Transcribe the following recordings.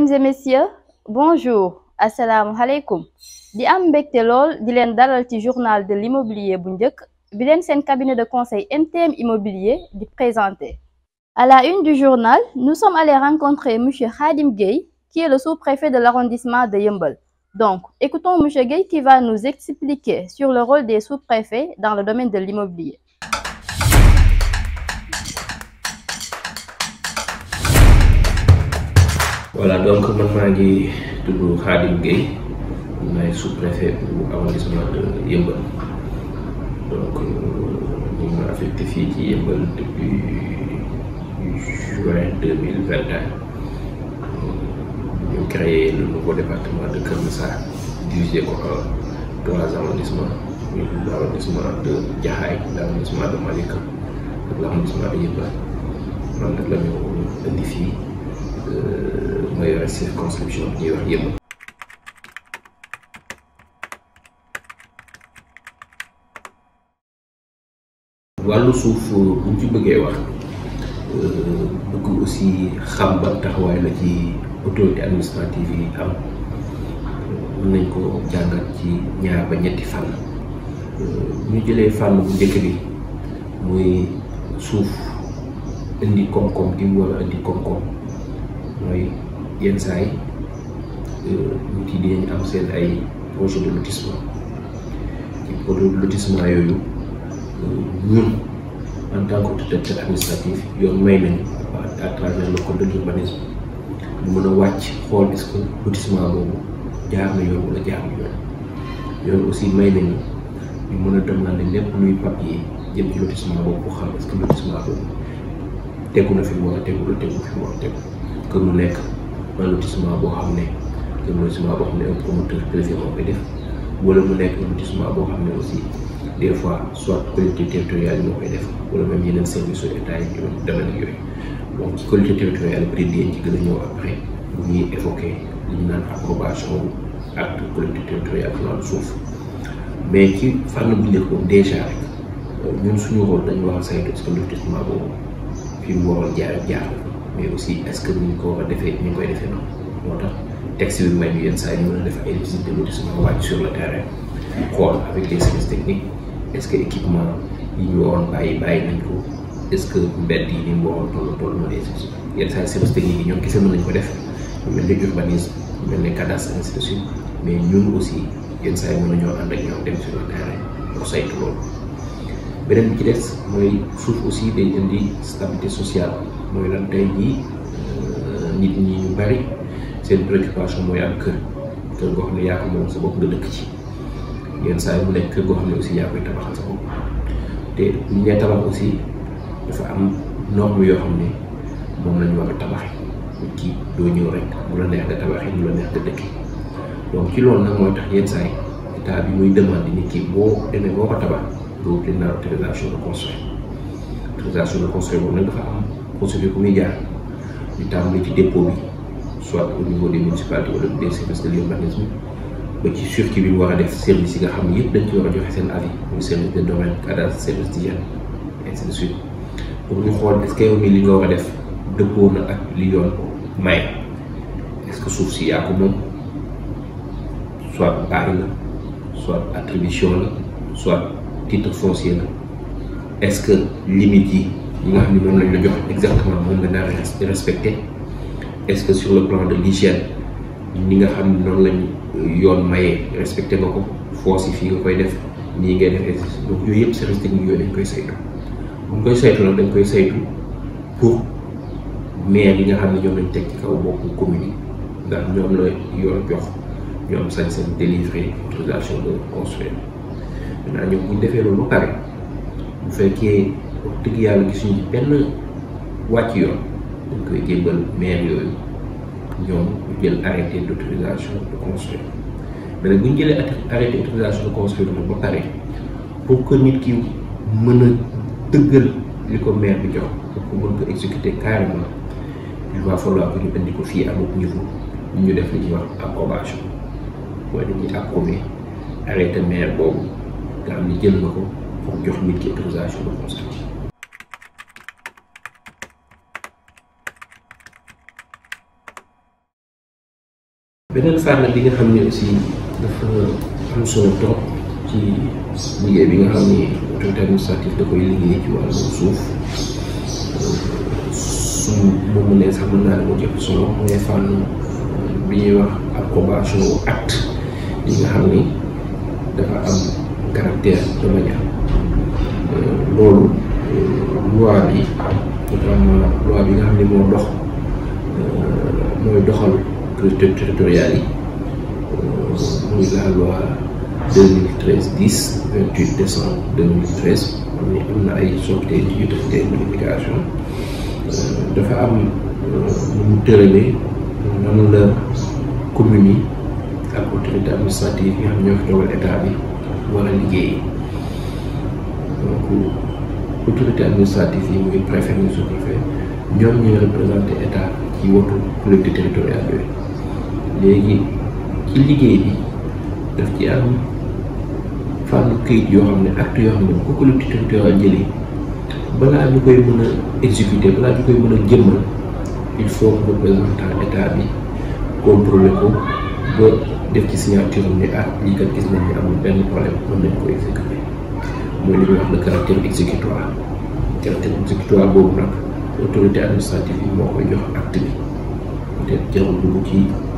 mesdames et messieurs bonjour assalamu di am suis lol di journal de l'immobilier bu je bi cabinet de conseil MTM Immobilier di présenter. À la une du journal nous sommes allés rencontrer M. Khadim Gueye qui est le sous-préfet de l'arrondissement de Yambol. Donc écoutons M. Gueye qui va nous expliquer sur le rôle des sous-préfets dans le domaine de l'immobilier. voilà donc man maa ngi Khadim gay maay sous-préfet bu arrondissement de Yeumbeul donc ñu ngi ma affecté fii ci Yeumbeul depuis juin 2021 ñu créé le nouveau département de Kermessa Massar divisé ko en trois arrondissements muy l'arrondissement de Jaxaay l'arrondissement de Malika l'arrondissement de Yeumbeul man nag la ñu indi fii my suf consumption of your human. wàllu suuf eh, buñ ci bëggee eh, wax bëgg aussi xam ban taxawaay la ci autorité administrative yi am mën nañ ko jàngat ci ñaar ba ñetti fànn ñu eh, bu bi muy suuf indi indi mooy yenn saa yi euh, nit yi dinañ am seen ay projet de yooyu euh, ñun en tant que tutelle administratif yoon may nañu à travers le code mën a wàcc xool est-ce que jaar na yoon wala jaar na yoon yoon aussi may nañu ñu mën a demander lépp luy papier jëm ci lotissement boobu xam est-ce que tegu na fi mu war a tegu tegu fi mu war a que mu nekk un lotissement boo xam ne un lotissement boo xam ne un promoteur privé moo koy def wala mu nekk un boo xam ne aussi des fois soit collectivité territoriale yi moo koy def wala même yeneen service yu état yi ñu demal yooyu donc ci collectivité territoriale gën a ñëw après bu ñuy évoqué ñu naan approbation acte collectivité territoriale ak suuf mais ci fànn bu njëkk boobu dèjà rek ñun suñu rôle dañu war a saytu ci lotissement fi mu waroon jaar jaar. mais aussi est-ce que ñu ko war defee ñu ngi koy defee noonu moo tax texte bi may yenn saa yi ñu mën a def ay visite de lotissement wàcc sur le terrain xool avec les services techniques est-ce que équipement yi ñu waroon bàyyi bàyyi nañ ko est-ce que mbedd yi ni mu waroon toll toll na les yenn saa yi services techniques yi ñoom kese mën nañ ko def ñu mel ni urbanisme ñu mel mais ñun aussi yenn saa yi mën nañoo ànd ak ñoom dem sur le terrain mooy suuf aussi day indi stabilité sociale. mooy lan tey jii euh, nit ñi ñu bari seen préoccupation mooy am kër kër goo xam ne yaa ko moom sa bopp nga dëkk ci yenn saa yi mu nekk kër goo xam ne aussi yaa koy tabaxal sa bopp te bu ñu nee tabax aussi dafa am norme yoo xam ne moom la ñu war a tabaxee nit ki doo ñëw rek mu la neex nga tabaxee mu la neex nga dëkkee donc ci loolu nag mooy tax yenn saa yi état bi muy demande nit ki boo demee boo ko tabax doo wut leen naan de construire autorisation de construire boobu procédure bu muy jaar ñu tàmbali ci dépôt bi soit au niveau des municipalités wala des services de l'urbanisme ba ci sûr qu'il mu war a des services qui nga xam ne yëpp dañ ci war a joxe seen avis muy services de domaine cadastre service d'hygiène ainsi de suite pour nous xool est-ce que yow mii li nga war a et dëppoo na ak li yoon maye est-ce que suuf si yaa ko soit bail la soit attribution soit titre foncier est-ce que limite yi nga xam ne moom lañ la jox exactement moom nga a respecté est-ce le plan de l'hygiène ni nga xam ne noonu lañ yoon mayee respecté nga ko foos yi fii nga koy def nii ngay def donc yooyu yëpp service dañ koy saytu pour maire yi nga xam ne ñoom lañ teg ci kaw bokk commune yi ndax ñoom la yoon jox ñu sañ-sañ délivrer autorisation de construire maintenant ñoom buñ defee loolu pare bu fekkee wax dëgg yàlla gisuñu ci benn wàcc yoon dañ koy jébbal maire yooyu jël arrêté d' autorisation de construire mais nag jëlee arrêté autorisation de construire nag ba pare pour que nit ki mën a dëggal li ko maire bi jox pour que mën ko exécuter carrément il va falloir que ko fii à notre niveau ñu def li ñuy wax approbation mooy dañuy approuvé arrêté maire boobu nga xam ne jël na ko pour jox nit ki autorisation de construire. beneen fànn bi nga xam ne aussi dafa am solo trop ci liggéey bi nga xam ni autorité administrative mooy fànn dafa am collectivités territoriales euh, am na ay sottee euh, euh, nu mu tëralee la commune ak autorité administrative yi nga xam ñoo fi dogal état ñoom ñooy représenté état ci wotu collectivité territoriale léegi ci liggéey bi daf ci am fànn këyit yoo xam ne acte yoo xam ne bu ko collectivité waa jëlee balaa ñu koy mën a exécuter balaa ñu koy mën a jëmmal il faut que représentant ko ba def ci signature am ne ah, lii kat gis nañ ne amul benn problème mën nañ ko exécuter mooy li ñuy wax le caractère exécutoire caractère exécutoire boobu nag autorité administrative yi moo koy jox acte bi peut-être jarul ci.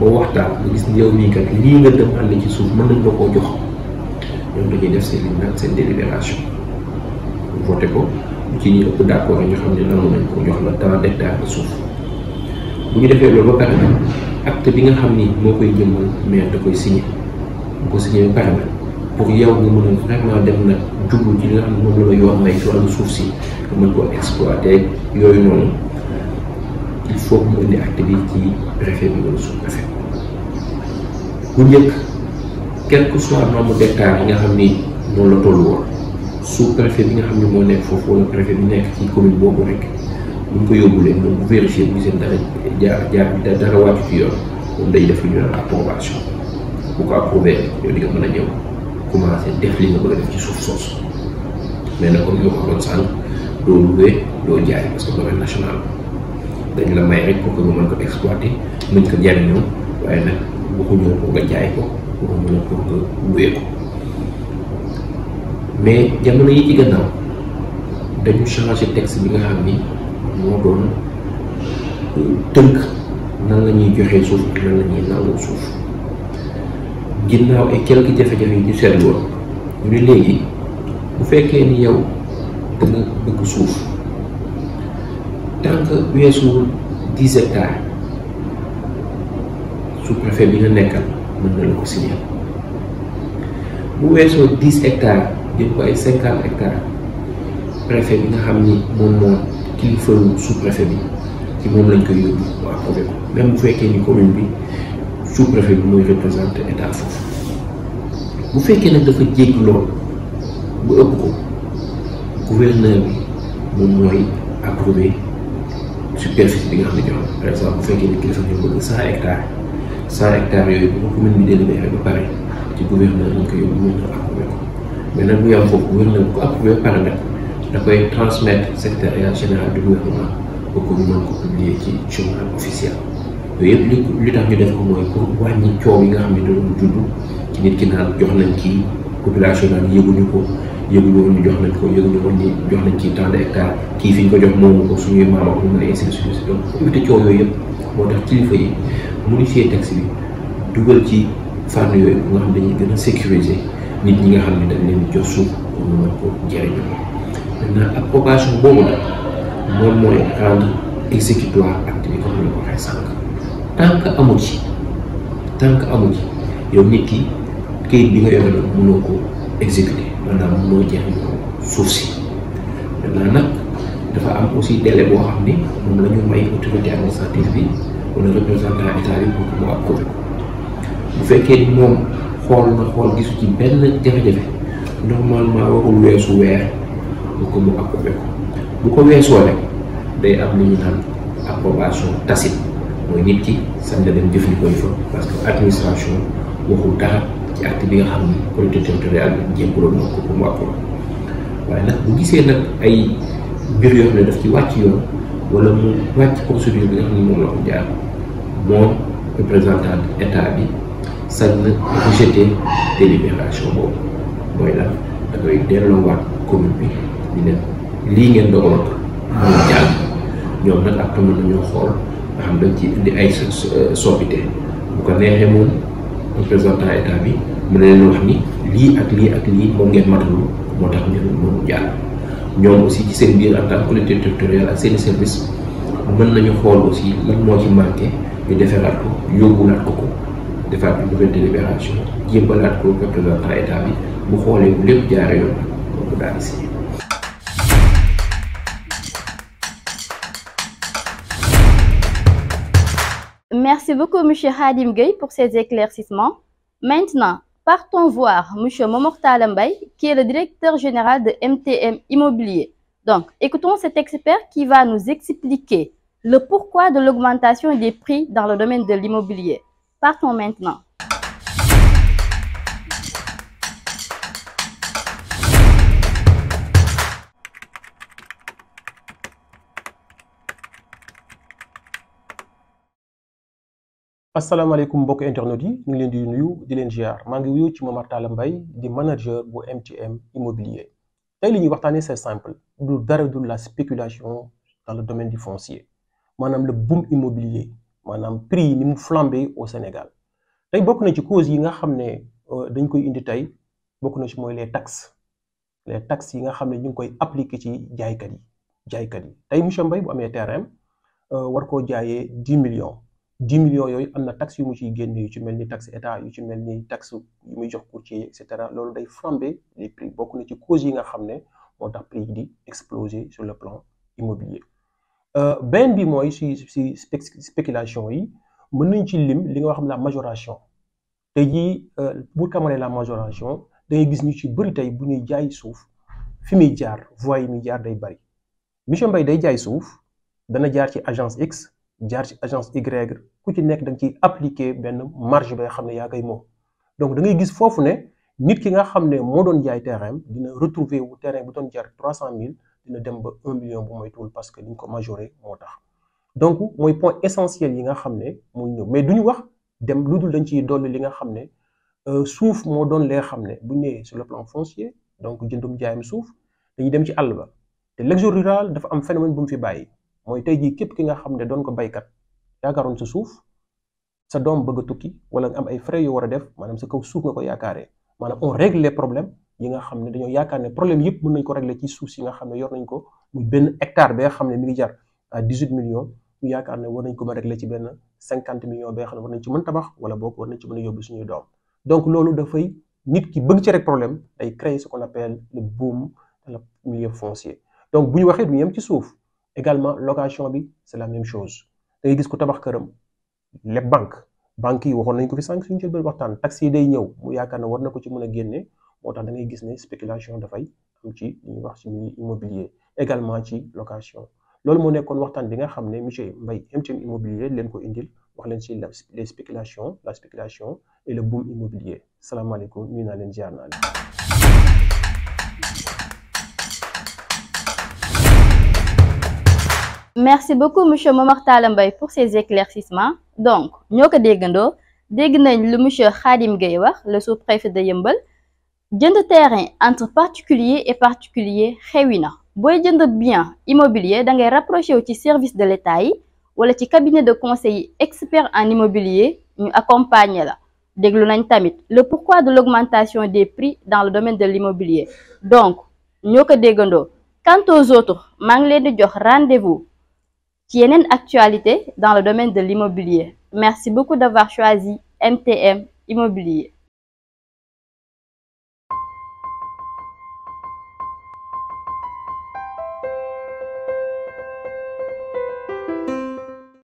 ba waxtaan ba gis yow mii kat lii nga dem ànd ci suuf mën nañ ko koo jox ñoom dañuy def seen liñ seen délibération voté ko ci ñi ëpp d' accord ñu xam ne nangu nañ ko jox la tant d' hectare de suuf bu ñu defee loolu ba pare nag acte bi nga xam ni moo koy jëmmal maire da koy signé bu ko signé ba pare nag pour yow nga mën a vraiment dem nag jublu ci li nga xam ne moom la la yoon may ci wàllu suuf si nga mën koo exploité yooyu noonu il faut que mu indi bi ci préfet bi wala sous-préfet bu njëkk quel que soit nombre d'hectares yi nga xam ni noonu la tollu woon sous-préfet bi nga xam ne moo nekk foofu wala préfet bi nekk ci commune boobu rek bu ñu ko yóbbulee moom bu vérifié bu seen dara jaar jaar dara wàccu ci yoon moom day def lu ñu naan approbation bu ko approuvé yow di mën a ñëw commencé def li nga bëgg def ci suuf soosu mais nag comme ñoo ko doon sànq doo loué doo national dañ la may rek pour que nga ko exploiter mën ko jariñoo waaye nag waxuñu ko nga jaay ko waxuñu la pour mais jamono yi ci gannaaw dañu changé texte bi nga xam ni moo doon tënk nan la ñuy joxee suuf ak nan la suuf ginnaaw ay quelques jafe-jafe yu ñu seetlu woon ñu ne léegi bu fekkee ni yow da bëgg suuf. tant que weesuwul dix hectares sous-préfet bi nga nekkal mën na la ko signer bu weesoo dix hectares jëm ko ay cinquante hectares préfet bi nga xam ni moom moo kilifawu sous-préfet bi ci moom lañ ko yóbbu mu approuvé ko même bu fekkee ni commune bi sous-préfet bi mooy représenté état foofu bu fekkee nag dafa jéggi lool bu ëpp ko gouverneur bi moom mooy approuvé superficie bi nga xam ne jox par bu fekkee nit ki dafa ñu bëgg cent ci gouverneur lañ koy yóbbu mën na approuvé ko mais nag da koy transmettre secrétariat général du gouvernement pour que ñu mën ko publier def ko mooy pour wàññi coow yi nga xam ne doomu judd nit ki naan jox nañ kii population naan yëguñu ko yëgul woon ñu jox nañ ko yëgul woon jox nañ ci tant de kii fi ñu ko jox moomu ko suñuy maam ak moom la ainsi de yooyu yëpp moo tax kilifa yi modifier texte bi dugal ci fànn yooyu nga xam dañuy gën a sécuriser nit ñi nga xam ne dañ leen jox suuf pour ñu ko jëriñoo maintenant moom que amu yow nit ki kayit bi la ko exécuter. maanaam mënoo jëriñoo suuf si maintenant nag dafa am aussi délai boo xam ne moom lañu ñu may autorité administrative bi wala représentant état bi mu ab ko bu fekkee ni moom xool na xool gisu ci benn jafe-jafe normalement warul weesu weer bu ko mu approuvé ko bu ko weesoo rek day am lu ñu naan approbation tacite mooy nit ki sañ la dem jëfandikoo fa parce que administration waxul dara ci acte bi nga xam ne collectivité territoriale bi jébbaloon na ay mbir yoo ci wàcc wala mu wàcc procédure bi moom la ko jaar moom représentant état bi sañ na rejeté délibération boobu mooy la da koy delloowaat commune bi di ne lii ngeen dogaloon mën a jàll ñoom nag ak mën nañoo xool nga xam dañ ci indi ay soppite bu ko neexee moom représentant état bi mu ne leen wax ni lii ak lii ak lii moom ngeen matalu moo tax ñu mënu jàll ñoom aussi ci seen biir en tant que territoriale ak seen i service mën nañu xool aussi lan moo ci manqué ñu defaraat ko yóbbulaat ko ko defaat une nouvelle délibération jébbalaat ko représentant état bi bu xoolee bu lépp jaare yoon mu daal di Merci beaucoup, M. Hadim Gueye, pour ces éclaircissements. Maintenant, partons voir M. Momorta Alambay, qui est le directeur général de MTM Immobilier. Donc, écoutons cet expert qui va nous expliquer le pourquoi de l'augmentation des prix dans le domaine de l'immobilier. Partons maintenant. asalaamaaleykum mbokk internet yi ñu ngi leen di nuyu di leen ziar maa ngi wuyu ci Momar Talla mbay di manager bu MTM immobilier tey li ñuy waxtaanee c'est simple du dara du la spéculation dans le domaine du foncier maanaam le boom immobilier maanaam prix ni mu flambé au Sénégal tey bokk na ci cause yi nga xam ne euh, dañ koy indi tey bokk na ci mooy les taxes les taxes yi nga xam ne ñu ngi koy appliquer ci jaaykat yi jaaykat yi tey monsieur mbay bu amee terrain euh, war koo jaayee 10 millions. 10 millions yoy amna na taxe yu mu ci génne yu ci melni ni taxe état yu ci melni ni taxe yu muy jox courtier et cetera loolu day flambé les prix bokk na ci cause yi nga xamné ne moo tax prix di exploser sur le plan immobilier euh ben bi moy ci si spéculation yi mën nañ ci lim li nga xam la majoration te jii pour euh, kamale la majoration dangay gis ñu ci bëri tay bu ñuy jaay souf fi muy jaar voie yi muy jaar day bari monsieur mbay day jaay souf dana jaar ci agence X jaar ci agence Y ku ci nekk da nga ciy appliquer benn marge bay xam ne yaa koy moom donc da ngay gis foofu ne nit ki nga xam ne moo doon jaay terrain dina retrouver wu terrain bu doon jar trois mille dina dem ba 1 million bu moytuwul parce que liñ ko majorer moo tax donc mooy point essentiel yi nga xam ne mooy ñëw mais duñu wax dem lu dul dañ ciy dolli li nga xam ne euh, suuf moo doon lee xam ne bu ñëwee sur le plan foncier donc jëndum jaayam suuf dañuy dem ci àll ba te l'exode rural dafa am phénomène bu mu fi bàyyi moy tay jii képp ki nga xam ne doon ko baykat yaakaaroon sa suuf sa doom bëgg a tukki wala nga am ay frais yu war a def maanaam sa kaw suuf nga ko yaakaaree maanaam on règle les problèmes yi nga xam ne dañoo yaakaar ne problème yëpp mën nañ ko régler ci suuf si nga xam ne yor nañ ko muy benn hectare ba nga xam ne mi ngi jar à ah, 18 millions ñu yaakaar ne war nañ ko mën a régler ci benn 50 millions ba nga xam ne war nañ ci mën tabax wala boog war nañ ci mën a yóbbu suñuy doom donc loolu dafay nit ki bëgg ci rek problème day créer ce qu'on appelle le boom le milieu foncier donc bu ñu waxee du ñu yem ci suuf également location c'est la même chose da ngay gis ko tabax banques. les banques banques yi ko fi sank suñu jël waxtaan yi day ñëw mu yaakaar ko ci mën a da ngay gis ne spéculation dafay ci li wax immobilier également ci location loolu moo nekkoon waxtaan bi nga xam monsieur mbay MTM immobilier leen ko indil wax leen ci les spéculations la spéculation et le boom immobilier salaamaaleykum naa leen merci beaucoup M. Momar Mbaye pour ces éclaircissements donc nous ko M. dégg nañ Khadim Gueye le sous-préfet de Yeumbeul de terrain entre particulier et particulier réunis. na de bien immobilier da ngay rapproché service de l'État ou wala cabinet de conseil expert en immobilier Nous accompagner la le pourquoi de l'augmentation des prix dans le domaine de l'immobilier donc ñoo de quant aux autres je ngi rendez-vous est une actualité dans le domaine de l'immobilier merci beaucoup d'avoir choisi MTM Immobilier